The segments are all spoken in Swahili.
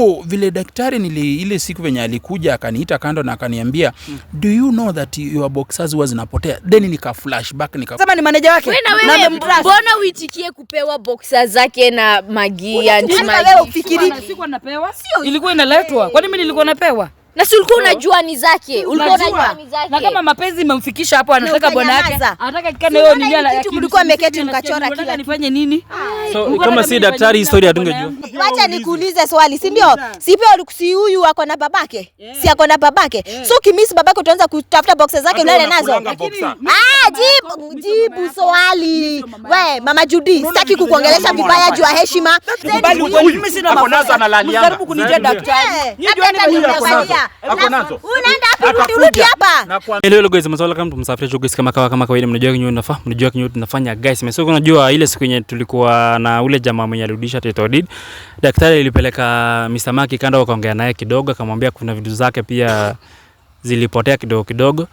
Oh, vile daktari nili ile siku venye alikuja akaniita kando na akaniambia mm. do you know that your boxers huwa zinapotea then nika flashback nika sema ni manager wake na mbona uitikie kupewa boxers zake na magi and magi wewe ufikiri napewa ilikuwa inaletwa kwani mimi nilikuwa napewa na si ulikuwa unajua ni zake, ulikuwa unajua ni zake. Na kama mapenzi imemfikisha hapo, anataka bwana yake, anataka kikane wewe nini, ala kitu mlikuwa mmeketi mkachora kila nifanye nini? Ah. So kama si daktari, story hatungejua. Acha nikuulize swali, si ndio? Si pia si huyu ako na babake, si ako na babake. So kimisi babake, utaanza kutafuta boxes zake unale nazo. Ah, jibu jibu swali we, mama Judy, sitaki kukuongelesha vibaya, jua heshima. Mimi sina nazo analalia, jaribu kunijia daktari. ni eh, jua Nyinyi ndio mnaangalia Unajua ile siku yenye tulikuwa na ule jamaa mwenye alirudisha title deed, daktari alipeleka Mr. Maki kando, wakaongea naye kidogo, akamwambia kuna vitu zake pia zilipotea kidogo kidogo.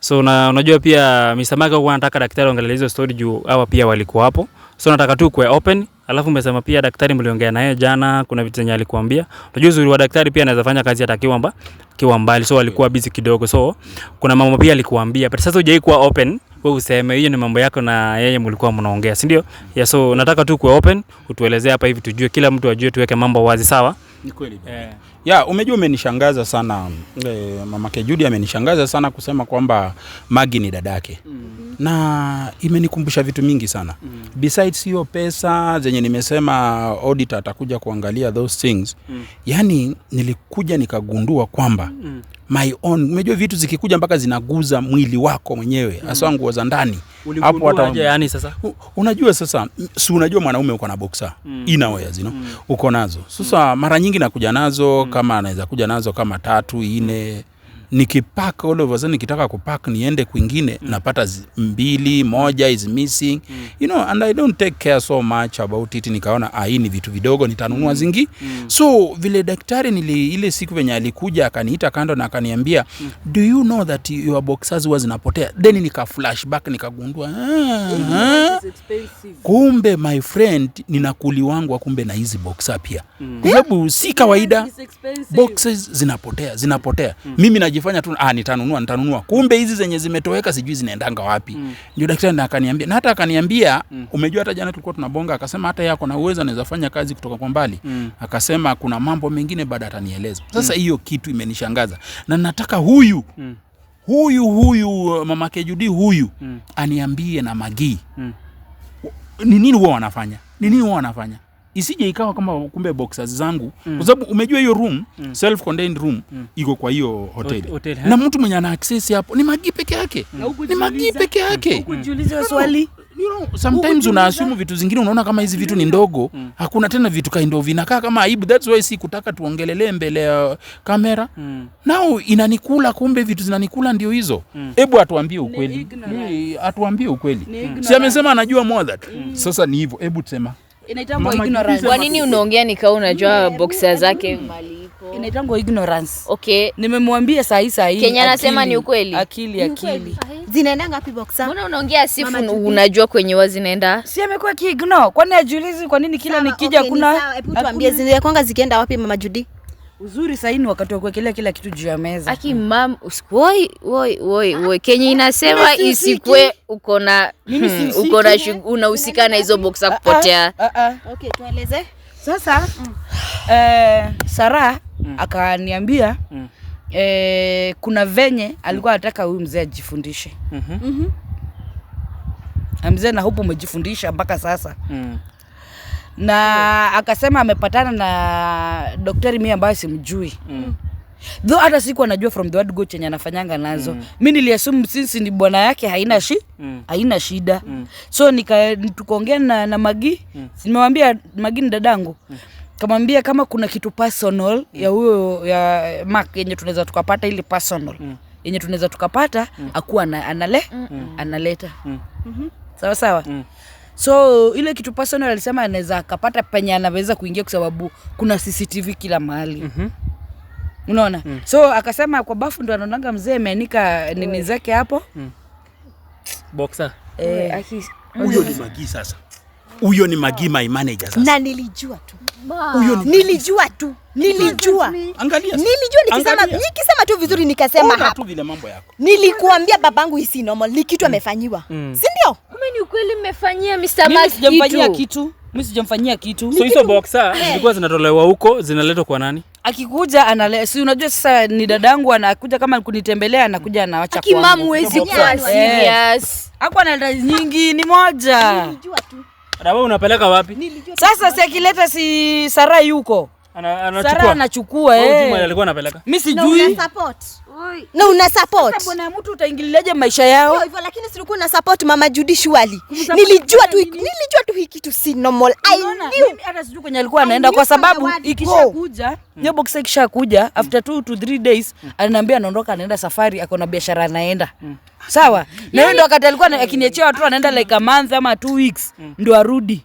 So na unajua pia Mr. Maki anataka daktari aongelee hizo story juu hawa pia walikuwa hapo, so nataka tu kuwe open Alafu umesema pia daktari mliongea naye jana, kuna vitu zenye alikuambia. Unajua uzuri wa daktari pia anaweza fanya kazi hata akiwa mba kiwa mbali, so alikuwa busy kidogo, so kuna mambo pia alikuambia, but sasa hujai kuwa open wewe useme hiyo ni mambo yako na yeye mlikuwa mnaongea, si ndio? Yeah, so nataka tu kuwa open, utuelezee hapa hivi tujue, kila mtu ajue, tuweke mambo wazi, sawa? Ni kweli. Eh. Ya, umejua umenishangaza sana e, eh, mama Kejudi amenishangaza sana kusema kwamba Magi ni dadake mm -hmm. na imenikumbusha vitu mingi sana mm -hmm. besides hiyo pesa zenye nimesema auditor atakuja kuangalia those things mm -hmm. yaani nilikuja nikagundua kwamba mm -hmm my own. Umejua vitu zikikuja mpaka zinaguza mwili wako mwenyewe hmm. hasa mm. nguo za ndani hapo hata yani sasa u, unajua sasa, si unajua mwanaume uko na boxer mm. inawears you mm. uko nazo sasa mm. mara nyingi nakuja nazo mm. kama anaweza kuja nazo kama tatu ine hmm. mm nikipak all of a sudden nikitaka kupak niende kwingine mm. napata mbili moja is missing mm. you know and i don't take care so much about it nikaona ah, hii ni vitu vidogo nitanunua mm. zingi mm. so vile daktari nili ile siku venye alikuja akaniita kando na akaniambia mm. do you know that your boxers huwa zinapotea then nika flashback nikagundua ah, ah. kumbe my friend ninakuliwangwa kumbe na hizi boxer pia mm. kwa sababu si kawaida boxes zinapotea zinapotea mm. mimi naj unajifanya tu ah, nitanunua nitanunua, kumbe hizi zenye zimetoweka sijui zinaendanga wapi. mm. Ndio daktari na akaniambia na hata akaniambia mm. Umejua, hata jana tulikuwa tunabonga, akasema hata yako na uwezo anaweza fanya kazi kutoka kwa mbali mm. Akasema kuna mambo mengine baada atanieleza. Sasa mm. hiyo mm. kitu imenishangaza na nataka huyu mm. huyu huyu mama Kejudi huyu mm. aniambie na Magii mm. ni nini huwa wanafanya, ni nini huwa wanafanya isije ikawa kama kumbe boxers zangu mm. kwa sababu umejua hiyo room mm. self contained room mm. iko kwa hiyo hoteli hotel, eh? na mtu mwenye ana access hapo ni magi peke yake mm. ni magi peke yake mm. swali you know, sometimes unaasumu vitu zingine unaona kama hizi vitu ni mm. ndogo mm. hakuna tena vitu kaindo vinakaa kama aibu that's why si kutaka tuongelelee mbele ya kamera mm. nao inanikula kumbe vitu zinanikula ndio hizo mm. hebu mm. atuambie ukweli atuambie ukweli si amesema anajua more that mm. sasa ni hivyo hebu sema inaitangwa ignorance. Kwa nini unaongea nikaa unajua boxer zake mali inaitangwa ignorance. Okay. Nimemwambia saa hii saa hii. Kenya anasema ni ukweli. Akili akili. Zinaenda ngapi boxer? Mbona unaongea sifu unajua kwenye wazi zinaenda? Si amekuwa kiigno. Kwani ajiulizi kwa nini kila nikija kuna Hebu tuambie zinaenda zikienda wapi Mama Judy? Uzuri saini wakati wa kuwekelea kila kitu juu ya meza. Aki mam usikoi woi woi woi Kenya inasema isikwe uko na hmm, uko na eh? unahusika na hizo boxa ah, ah, kupotea. Ah, okay, tueleze. Sasa mm. eh, Sara mm. akaniambia mm. eh, kuna venye alikuwa anataka huyu mzee ajifundishe. Mhm. mhm. mzee na hupo umejifundisha mpaka sasa na akasema amepatana na daktari mi ambayo simjui mm. though hata siku anajua from the word go chenye anafanyanga nazo mm. mi niliasumu sinsi ni bwana yake haina shi mm. haina shida mm. so nika tukaongea na, na magi mm. nimewambia magi ni dadangu mm kamwambia kama kuna kitu personal mm. ya huyo ya mak yenye tunaweza tukapata ili personal mm. yenye tunaweza tukapata mm. akuwa anale mm. analeta mm. Mm-hmm. sawa sawa mm. So ile kitu personal alisema anaweza akapata penye anaweza kuingia kwa sababu kuna CCTV kila mahali. mm -hmm. Unaona? mm. So akasema kwa bafu ndo anaonanga mzee ameanika nini zake hapo. mm. Boxer. Eh, aki huyo ni magi sasa. Huyo ni Magima manager sasa. Na nilijua tu. Huyo nilijua tu. Nilijua. Angalia. Nilijua nikisema nikisema tu vizuri nikasema hapa. Tu vile mambo yako. Nilikuambia babangu isi normal ni kitu mm. amefanyiwa. Mm. Si ndio? Kama ni ukweli mmefanyia Mr. Mark kitu. Sijamfanyia kitu. Mimi sijamfanyia kitu. So hizo boxer zilikuwa zinatolewa huko zinaletwa kwa nani? Akikuja anale, si unajua sasa ni dadangu anakuja kama kunitembelea anakuja anawacha kwa. Kimamu wezi kwa serious. Hapo analeta nyingi ni moja. Nilijua tu. Rawa unapeleka wapi? Sasa si si Sarai yuko Sara anachukua eh. mimi sijui na una support. mtu maisha yao? Hivyo lakini na support Mama Nilijua tu nilijua tu hii kitu si normal. I knew. Hata sijui kwenye alikuwa anaenda kwa sababu ikishakuja, hmm. hiyo box ikishakuja hmm. after 2 to 3 days ananiambia anaondoka anaenda safari akona biashara anaenda. Hmm. Sawa? Na yeye yaani ndo wakati alikuwa akiniachia watu anaenda like a month ama 2 weeks ndio arudi.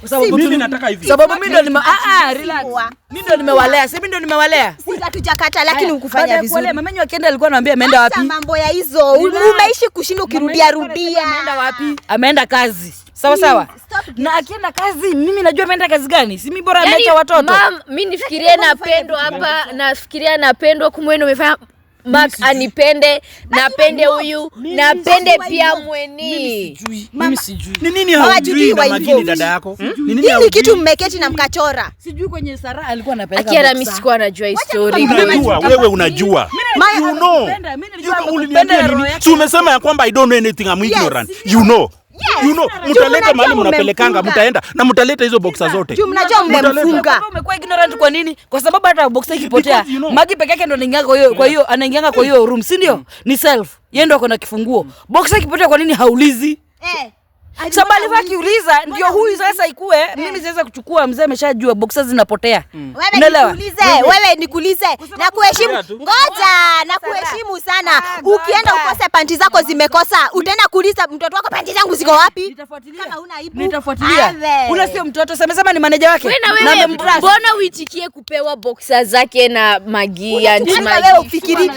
Kwa sababu mimi nataka ndo nime ah ah relax. Mimi ndo nimewalea. Si mimi ndo nimewalea. Sisi lakini hukufanya vizuri. Pole mamenyu akienda alikuwa anawaambia ameenda wapi? Sasa mambo ya hizo. Umeishi kushinda ukirudia rudia. Ameenda wapi? Ameenda kazi. Sawa hmm, sawa. Na akienda kazi mimi najua ameenda kazi gani? Si mimi bora yaani, ameacha watoto. Mimi nifikirie na hapa, nafikiria na Pendo umefanya Mark anipende, napende huyu, napende pia mwenii. Mimi sijui. Ni nini hawajui na magini dada yako? Hmm? Ni nini Kitu mmeketi na mkachora. Sijui kwenye Sara alikuwa anapeleka. Ah. mimi najua story. wewe unajua. You know. umesema ya kwamba I don't know anything, I'm ignorant. You know. Yes, you know, mutaleta mahali mnapelekanga, mtaenda na mtaleta hizo boxa zote. Juu mnajua mmemfunga. Umekuwa ignorant kwa nini? Kwa sababu hata boxa ikipotea, you know, Magi peke yake ndo anaingia kwa hiyo, kwa hiyo anaingia kwa hiyo room, si ndio? Mm. Ni self. Yeye ndo akona kifunguo. Boxa ikipotea kwa nini haulizi? Eh. Shabali akiuliza ndio huyu sasa ikue yeah. Mimi siweza kuchukua mzee, ameshajua boksa zinapotea mm. Wewe nikulize na kuheshimu, ngoja na kuheshimu sana ah, ukienda ukose panti zako zimekosa, utaenda kuuliza mtoto wako panti zangu ziko wapi? Kama aibu nitafuatilia. Una sio mtoto, semesema ni maneja wake. Mbona uitikie kupewa boksa zake na magi? Wewe ufikiri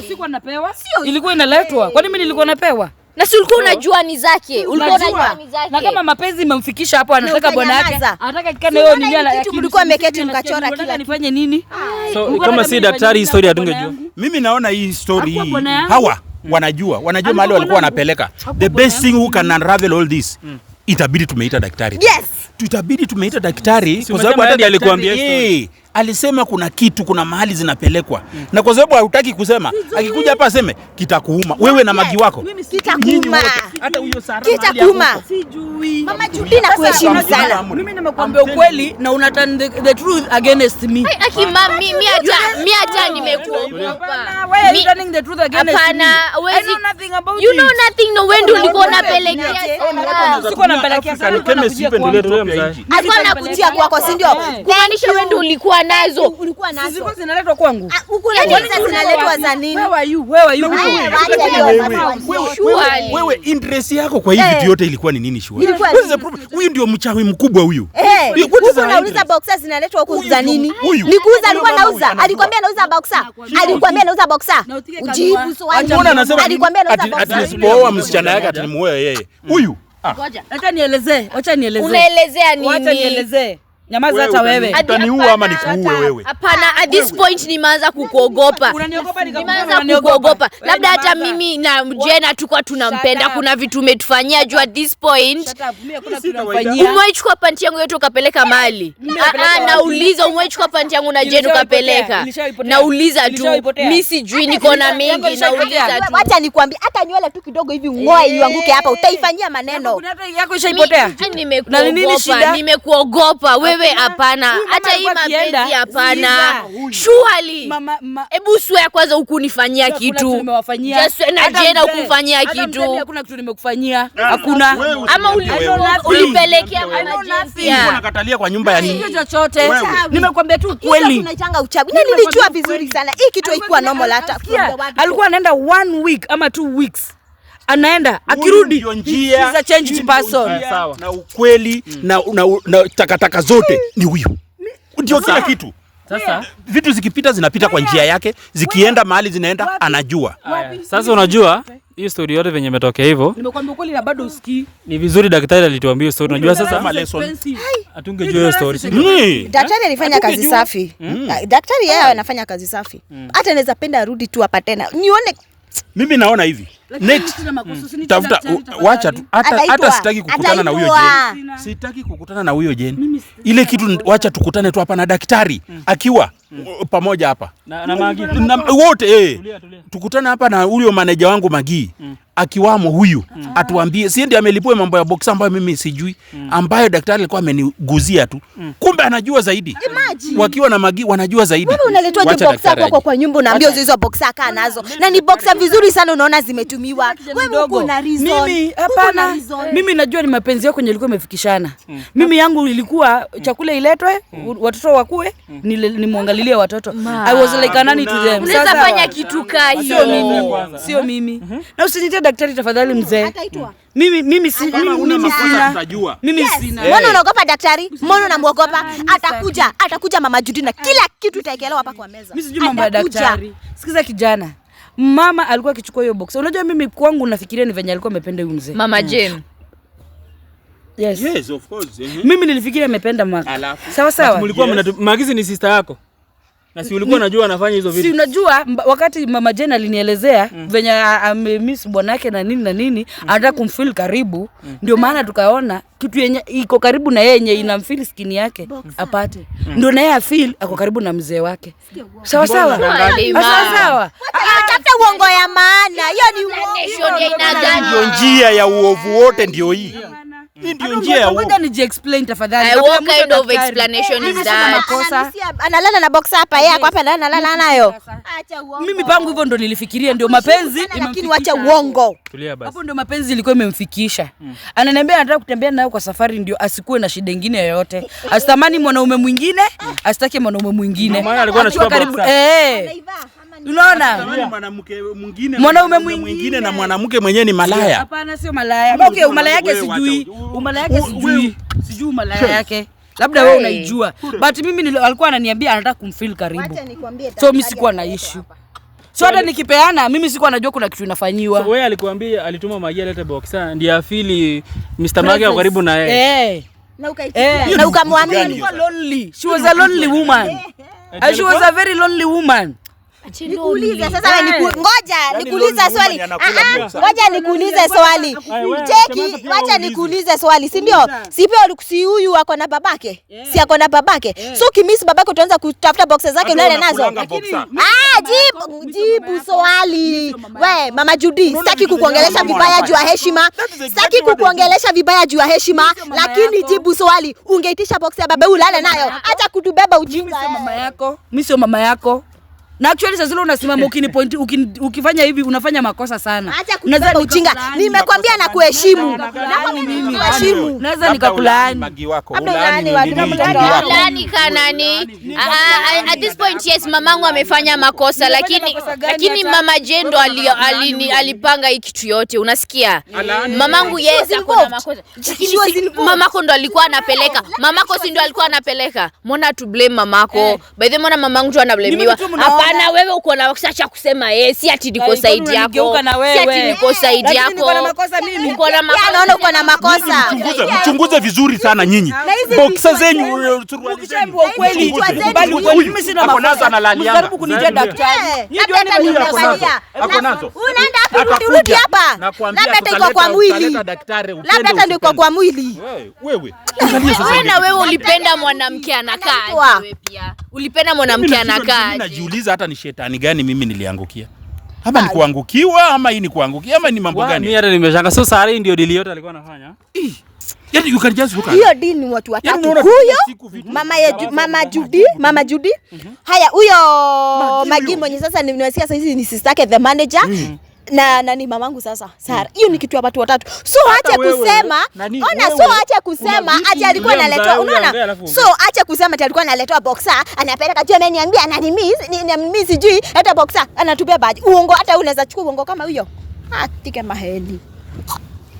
ilikuwa inaletwa? Kwani mimi nilikuwa napewa na si ulikuwa unajua ni zake, ulikuwa unajua ni zake. Na kama mapenzi imemfikisha hapo, anataka bwana yake, anataka kikane wewe nini, ana kitu mlikuwa mmeketi mkachora kila nifanye nini? Ah. So kama si daktari, hii story hatungejua. Mimi naona hii story hii hawa hmm. wanajua, wanajua mahali walikuwa wanapeleka. The best thing who can unravel all this hmm. itabidi tumeita daktari. Yes, tutabidi tumeita daktari kwa sababu hata alikuambia story eh alisema kuna kitu, kuna mahali zinapelekwa mm. na kwa sababu hautaki kusema, akikuja hapa aseme kitakuuma wewe na magi wako. Kitakuuma hata huyo Sara, kitakuuma. Sijui mama na kuheshimu sana. Mimi nimekuambia ukweli na una turn the truth against me. Aki mama, mimi hata mimi hata hapa, you turning the truth against me. Hapana, wewe you know nothing, no wewe ndio ulikuwa unapelekea. Sikuwa napelekea sana, alikuwa anakutia kwako, si ndio? Kumaanisha wewe ndio ulikuwa nazo ulikuwa nazo zilikuwa zinaletwa kwangu huko, ah, na yaani zinaletwa za nini? Where were you? Where were you? Wewe wewe, interest yako kwa hii eh. video yote ilikuwa ni nini? Shua, huyu ndio mchawi mkubwa huyu. Huko nauliza boxer zinaletwa huko za nini? alikuwa nauza, alikwambia nauza boxer, ah? alikwambia nauza boxer, ujibu swali. Alikwambia nauza boxer, ati nisipooa ah? msichana yake atanimuoa yeye huyu. Ngoja, acha nielezee, acha nielezee. Unaelezea nini? Acha nielezee. Nyamaza hata wewe. Utaniua ama nikuue wewe? Hapana, at this point nimeanza kukuogopa. Unaniogopa nikakuogopa. Nikuogopa. Labda hata mimi na Jenna tukwa tunampenda, kuna vitu umetufanyia juu at this point. Umechukua panti yangu yote ukapeleka mali. Ah, ah nauliza umechukua panti yangu na Jenna ukapeleka. Nauliza tu. Mimi sijui niko na mengi nauliza tu. Acha nikwambie hata nywele tu kidogo hivi ngoe eh. ianguke hapa utaifanyia maneno. Nimekuogopa. Nimekuogopa wewe wewe hapana, hata hii mapenzi hapana. Shuali, hebu swear kwanza, ukunifanyia kitu na jena ukufanyia kitu hakuna kitu nimekufanyia, yaani, hakuna ama ulipelekea unakatalia kwa nyumba ya nini Hiyo chochote. Nimekwambia tu kweli, tunachanga uchawi na yaani, nilijua vizuri sana hii kitu haikuwa normal. Hata alikuwa anaenda one week ama two weeks anaenda akirudi a change person na ukweli mm. na, na, na takataka zote ni huyu ndio kila kitu. Sasa vitu zikipita zinapita kwa njia yake, zikienda mahali zinaenda anajua. Aya. Sasa unajua hii story yote venye imetokea hivyo, nimekwambia kweli na bado usikii. Ni vizuri daktari alituambia hiyo story. Unajua sasa kama hatungejua hiyo story. Daktari alifanya kazi safi. Mm. Daktari yeye anafanya kazi safi, mm. hata anaweza penda arudi tu hapa tena nione mimi naona hivi. Next tafuta wacha tu. Hata hata sitaki kukutana na huyo Jeni. Sitaki kukutana na huyo jeni Ile kitu wacha tukutane tu hapa na daktari mm. akiwa mm. pamoja hapa na, na Magi wote eh, tukutane hapa na huyo maneja wangu Magi mm. akiwamo huyu mm. atuambie, si ndio amelipua mambo ya box ambayo mimi sijui mm. ambayo daktari alikuwa ameniguzia tu mm. kumbe anajua zaidi. Imagine. wakiwa na Magi wanajua zaidi. Wewe unaletwa je box hapo kwa kwa nyumba unaambia okay. hizo box kaa nazo na ni box vizuri sana, unaona zimetumiwa. Wewe uko na reason. Mimi hapana, mimi najua ni mapenzi yako yenye ilikuwa imefikishana. Mm. Mimi yangu ilikuwa chakula iletwe, mm. watoto wakue, mm. ni muangalie niangalilie watoto I was like anani to them. Sasa fanya kitu kaa hiyo. Sio mimi. Sio mimi. Mhm. Na usinitie daktari tafadhali mzee. Mm. Mimi mimi si mimi sina. Mimi sina. Mbona unaogopa daktari? Mbona unamuogopa? Atakuja, atakuja Mama Judy na kila kitu itaekelewa hapa kwa meza. Mimi sijui mambo ya daktari. Sikiza kijana. Mama alikuwa akichukua hiyo box. Unajua mimi kwangu nafikiria ni venye alikuwa amependa huyu mzee. Mama mm. Jane. Yes. Yes, of course. Eh. Mimi nilifikiria amependa Mark. Sawa sawa. Mlikuwa maagizo ni sister yako na si ulikuwa unajua anafanya hizo vitu? Si unajua wakati mama Jane alinielezea mm. venye amemiss bwanake na nini na nini mm. anataka kumfeel karibu mm. ndio maana tukaona kitu yenye iko karibu na yeye yenye inamfeel skin yake apate mm. ndio naye afeel ako karibu na mzee wake. Sawa sawa. Sawa sawa. hata uongo ya maana. Hiyo ni uongo. Ndio njia ya uovu wote ndio hii ndio njia. What kind of explanation is that? Analala na box hapa, yeye hapa analala nayo. Acha uongo. Mimi pangu hivyo ndo nilifikiria ndio mapenzi, lakini wacha uongo. Hapo ndio mapenzi ilikuwa imemfikisha. Mm. Ananiambia anataka kutembea nayo kwa safari ndio asikuwe na shida nyingine yoyote. Asitamani mwanaume mwingine, asitake mwanaume mwingine. alikuwa anachukua box. Eh. Unaona? Mwanamke mwingine mwanaume mwingine na mwanamke mwenyewe ni malaya. Hapana, sio malaya. Okay, umalaya yake sijui. Umalaya yake sijui. Sijui umalaya yake. Labda wewe unaijua. But mimi alikuwa ananiambia anataka kumfeel karibu. So mimi sikuwa na issue. So hata nikipeana mimi sikuwa najua kuna kitu inafanyiwa. So wewe alikwambia alituma Magia alete box ndio afili Mr. Mage wa karibu na yeye. Eh. Na ukaitia. Eh. Na ukamwamini. She was a lonely woman. She was a very lonely woman. Nikuulize sasa, ngoja nikuulize swali, ngoja nikuulize swali, cheki, wacha nikuulize swali, si ndio? Si pia si huyu ako na babake, eh. si ako na babake? Eh. So kimisi babake, utaanza kutafuta boxes zake ulale nazo? Ah, jibu swali we, mama Judy. Sitaki kukuongelesha vibaya juu ya heshima, sitaki kukuongelesha vibaya juu ya heshima, lakini jibu swali, ungeitisha box ya babae ulale nayo? Hata kutubeba ujinga. Mimi sio mama yako, mimi sio mama yako na actually sasa zile unasimama ukini point ukini, ukifanya hivi unafanya makosa sana. Unaweza kuchinga. Nimekwambia na kuheshimu. Na mimi yaani kuheshimu. Naweza nikakulaani. Magi wako ulaani ulaani kanani. At this point yes, mamangu amefanya makosa lakini lakini mama Jendo alini alipanga hii kitu yote. Unasikia? Mamangu yes akona makosa. Mamako ndo alikuwa anapeleka. Mamako si ndo alikuwa anapeleka. Mbona tu blame mamako? Eh. By the way, mbona mamangu tu anablemiwa? Hapana. Bana wewe uko na waksa cha kusema yeye si ati niko side yako. Si ati niko side yako. Yaani uko na makosa mimi. Naona uko na makosa. Mchunguze vizuri sana nyinyi. Boxa zenyu ukweli. Mimi sina makosa. kunijia daktari. ndio yaani Unaenda hapo rudi rudi hapa. Labda kwa mwili. Labda hata kwa mwili. Wewe. Wewe na wewe ulipenda mwanamke anakaa. Wewe pia. Ulipenda mwanamke anakaa. Najiuliza hata ni shetani gani mimi niliangukia ama ni kuangukiwa ama hii ni kuangukia ama ni mambo gani? Mimi hata nimeshanga. So sare ndio deal yote alikuwa anafanya. Yaani you can just look at. Hiyo deal ni watu yaani watatu. Huyo mama ya mama Judy, mama Judy. Mhm. Haya huyo Magimbo mwenye sasa nimewasikia sasa hizi ni sister yake the manager. Mm na nani mamangu sasa Sara. Mm. Hiyo ni kitu ya watu watatu. So acha kusema, ona so acha kusema ati alikuwa analetwa. Unaona? So acha kusema ati alikuwa analetwa boxer, anapeleka jua ameniambia nani mimi sijui hata boxer anatupea baji. Uongo hata unaweza chukua uongo kama huyo. atike ah, tike maheli.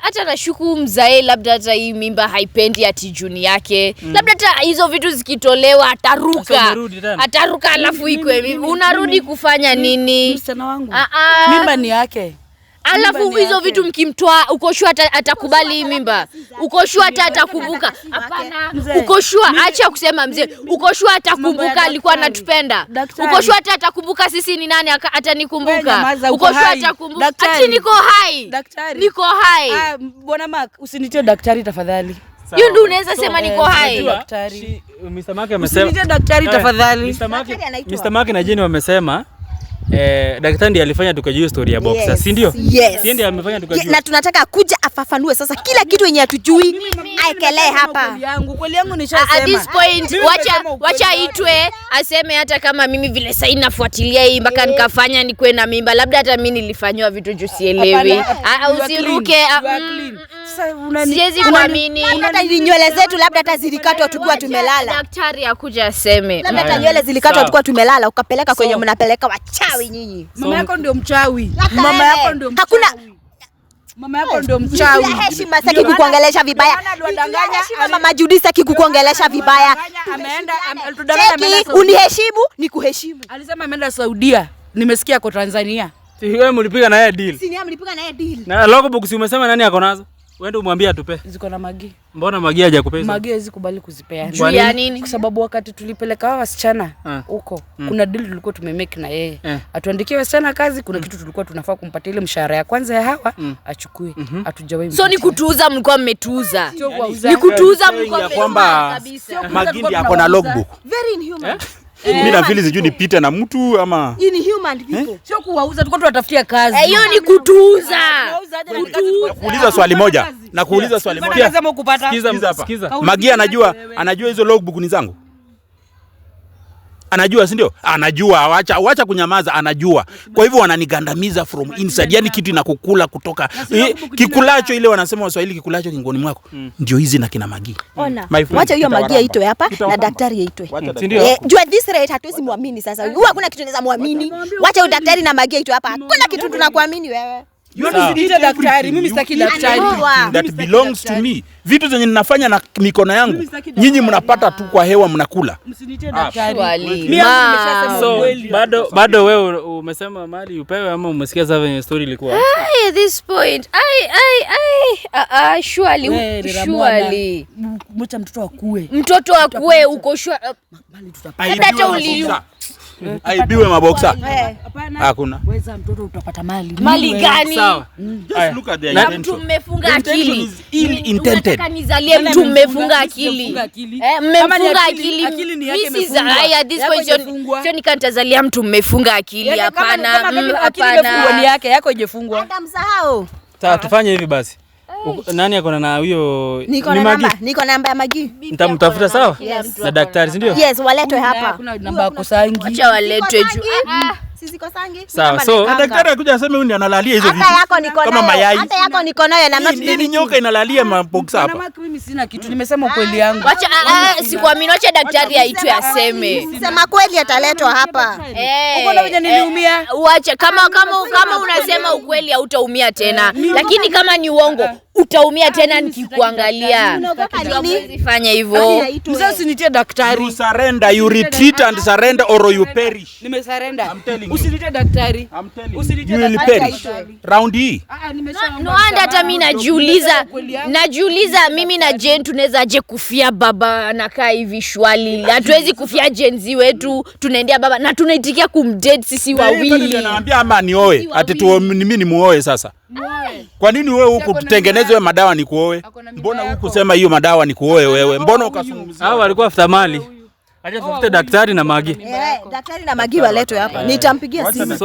hata nashuku mzae labda hata hii mimba haipendi ati juni yake mm. labda hata hizo vitu zikitolewa ataruka ataruka, alafu ikwe unarudi kufanya nini? Msichana wangu ah, ah. mimba ni yake. Alafu hizo vitu mkimtoa, uko shua atakubali mimba? Uko shua hata atakumbuka? Hapana, uko shua, Acha kusema mzee, uko shua atakumbuka alikuwa anatupenda? Uko shua hata atakumbuka sisi ni nani? Atanikumbuka? Uko shua atakumbuka? Ati niko hai, niko hai. Ah, Bwana Mark, usinitie daktari tafadhali. Yo ndo unaweza sema niko eh, hai. Daktari uh, Mr. Mark amesema. Usinitie daktari eh, tafadhali. Mr. Mark na Jenny wamesema eh, daktari ndiye alifanya tukajua story ya boxer, si ndio? Yes. Si ndiye amefanya tukajua. Na tunataka kuja afafanue sasa kila kitu yenye hatujui aekelee hapa. Kweli yangu, kweli yangu nishasema. At this point wacha wacha aitwe aseme hata kama mimi vile sasa nafuatilia hii mpaka eh. nikafanya nikuwe na mimba, labda hata mimi nilifanywa vitu juu sielewi. Usiruke sasa unani... Siwezi kuamini. Hata hivi nywele zetu labda hata zilikatwa tukiwa tumelala. Daktari akuja aseme. Labda hata nywele zilikatwa tukiwa tumelala ukapeleka kwenye mnapeleka wachawi nyinyi. Mama yako ndio mchawi. Mama yako ndio mchawi. Hakuna Mama yako ndio mchawi. Bila heshima saki kukuongelesha vibaya. Heshima Mama Judith saki kukuongelesha vibaya. Ameenda tudanganya ameenda Saudi. Uniheshimu kuheshimu. Alisema ameenda Saudia. Nimesikia kwa Tanzania. Si Wewe mlipiga na yeye deal. Si ni mlipiga na yeye deal. Na logbook si umesema nani ako nazo? uende umwambie atupe. Ziko na magi. Mbona magi hajakupea? Magi hawezi kubali kuzipea. Juu ya nini? Kwa sababu wakati tulipeleka wao wasichana ah. huko, mm. kuna deal tulikuwa tumemake na yeye. Eh. Atuandikie wasichana kazi, kuna mm. kitu tulikuwa tunafaa kumpatia ile mshahara ya kwanza ya hawa mm. achukue. Mm -hmm. Atujawahi. So ni kutuuza mlikuwa mmetuuza. Yaani ni kutuuza mlikuwa mmetuuza kabisa. Magindi yako na logbook. Very inhuman. Eh? Eh, Mimi na vile sijui nipite na mtu ama hii ni human eh? people. Sio kuwauza, tulikuwa tunatafutia kazi. Eh, hiyo ni kutuuza. Kuuliza swali moja. Na kuuliza swali moja. Sikiza hapa. Magia anajua anajua hizo logbook ni zangu anajua sindio Anajua, wacha wacha kunyamaza, anajua. Kwa hivyo wananigandamiza from inside, yani kitu inakukula kutoka kikulacho, ile wanasema Waswahili, kikulacho kingoni mwako mm. Ndio hizi na kina Magi. Mm. Wacha hiyo Magi aitwe hapa na daktari aitwe, juu mm, eh, jua this rate hatuwezi muamini sasa. Huwa hakuna kitu tunaweza muamini. Wacha huyo daktari na Magi aitwe hapa, hakuna kitu tunakuamini wewe. Vitu zenye ninafanya na mikono yangu nyinyi mnapata tu kwa hewa, mnakula. Ah, bado wewe umesema mali upewe, ama umesikia sa venye stori ilikuwa mtoto akue, mtoto akue, uko sure Eh, aibiwe maboksa eh, hakuna weza mtoto utapata mali mali gani? Mm. Na mtu mmefunga akili, unataka yaani, nizalie mtu mmefunga akili, mmefunga akili. Haya, this Sio nikanitazalia mtu mmefunga akili. Hapana, hapana, yako ijefungwa. Tufanye hivi basi nani ako na huyo? Niko na namba, niko namba ya Magi. Nitamtafuta sawa? Yes. Na daktari, si ndio? Yes, waletwe hapa. Hakuna namba ya Kusangi. Acha waletwe juu. kwa Sangi. Mm. Sisi Sawa, so daktari akuja aseme huyu ndiye analalia hizo vitu. Hata yako Kama mayai. Hata yako niko nayo na mimi. Nini nyoka inalalia mabox ah, hapa? Kama mimi sina kitu, nimesema kweli ah. yangu. Acha ah, sikuamini, acha daktari aitwe aseme. Sema kweli ataletwa hapa. Eh. Uko na wewe eh. niliumia. Uache kama kama kama unasema ukweli hautaumia tena. Eh. Lakini kama ni uongo utaumia ah, tena nikikuangalia. Fanya hivyo mzazi, nitie daktari. You surrender, you retreat and surrender or you perish. Nime Nimesurrender. Usinitie daktari. Usinitie daktari. You will perish. Round e. hii. Ah, ah, no, hata mimi najiuliza, najiuliza mimi na Jen tunaweza je kufia baba anakaa hivi shwali. Hatuwezi kufia jenzi wetu, tunaendea baba na tunaitikia kumdate sisi wawili. Naambia ama nioe, ati tu mimi nimuoe sasa. Kwa nini wewe huko tutengeneza utengeneze we madawa ni kuoe. Mbona huku sema hiyo madawa ni kuoe wewe? Mbona ukazungumzia? Hao walikuwa after mali. Acha oh, tufute eh, daktari na Magi. Eh. daktari na Magi waletwe hapa. Nitampigia simu.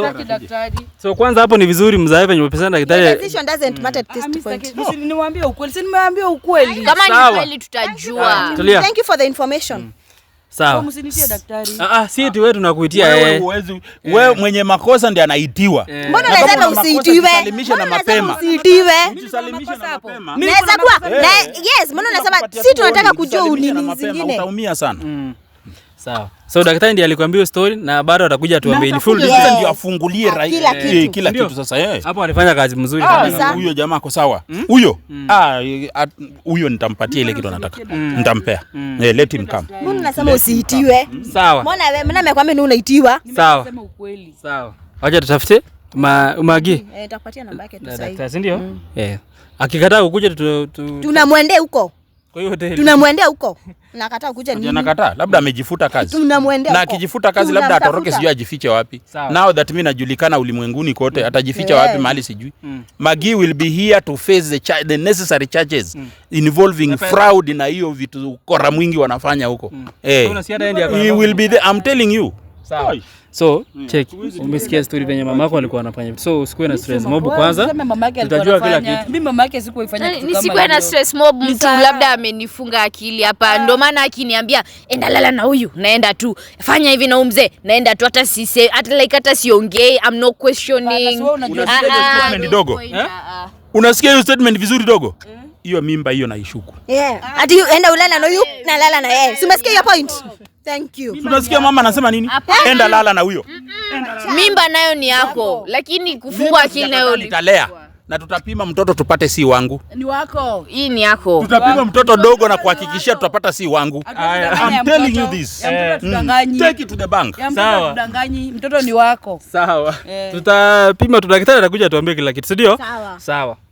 So kwanza hapo ni vizuri mzae penye pesa daktari. The decision doesn't matter at this ah, point. Niwaambie ukweli. Si nimewaambia ukweli. Kama ni kweli tutajua. Thank you for the information. Mm. Sawa. Ah ah, si eti wewe tunakuitia wewe. Eh. Huwezi eh. wewe mwenye makosa ndiye anaitiwa. Eh. Mbona unaweza na usiitiwe? Salimisha na mapema. Usiitiwe. Salimisha na mapema. Naweza kuwa. Yes, mbona unasema si tunataka kujua ulimi zingine. Utaumia sana. Mm. Sawa. So daktari ndiye alikwambia story na bado atakuja tuambie ni full detail ndio afungulie ah, rai kila eh, kitu sasa yeye. Eh. Hapo alifanya kazi mzuri ah, sana. Huyo jamaa ko sawa. Hmm? Huyo? Hmm. Ah, huyo nitampatia ile kitu anataka. Hmm. Nitampea. Eh, let him come. Mbona nasema usiitiwe? Sawa. Mbona wewe mimi nimekwambia ni unaitiwa? Sawa. Nasema ukweli. Sawa. Acha tutafute ma Magi. Eh, eh, nitakupatia namba yake tu sasa hivi. Daktari ndio? Eh. Akikataa kukuja tu, tunamwendea huko. Kwa hiyo hotel. Tunamwendea huko. nakataa kuja nini? Anakataa labda amejifuta kazi. Tunamwendea na akijifuta kazi labda atoroke, sijui ajifiche wapi. Now that mimi najulikana ulimwenguni kote mm. Atajificha yeah. wapi mahali sijui mm. Magi will be here to face the, cha the necessary charges mm. involving fraud na hiyo vitu ukora mwingi wanafanya huko mm. eh. He will be there. I'm telling you Sawa. So check, umesikia story venye mama yako alikuwa anafanya So usikuwe na yaani, stress mob kwanza. Tutajua kila kitu. Mimi mama yake ifanya kitu kama hiyo. Nisikuwe na stress mob, mtu labda amenifunga akili hapa. Ndio maana akiniambia enda lala na huyu, naenda tu. Fanya hivi na umze, naenda tu hata si hata like hata siongei. I'm not questioning. Unasikia hiyo ah, ah, statement ah, dogo? Eh? Unasikia hiyo statement vizuri dogo? Mm. Hiyo mimba hiyo naishuku. Yeah. Hadi enda ulala na huyu, nalala na yeye. Si umesikia hiyo point? Oh. Thank you. Tunasikia mama anasema nini? Enda lala na huyo. Mimba nayo ni yako, lakini kufungua akili nayo nitalea na tutapima mtoto tupate si wangu. Ni wako. Hii ni yako. Tutapima mtoto dogo na kuhakikishia tutapata si wangu. I'm telling you this. Eh. Take it to the bank. Sawa. Tudanganyi, Mtoto ni wako. Sawa. Eh. Tutapima tu, daktari atakuja tuambie kila kitu, si ndio? Sawa. Sawa.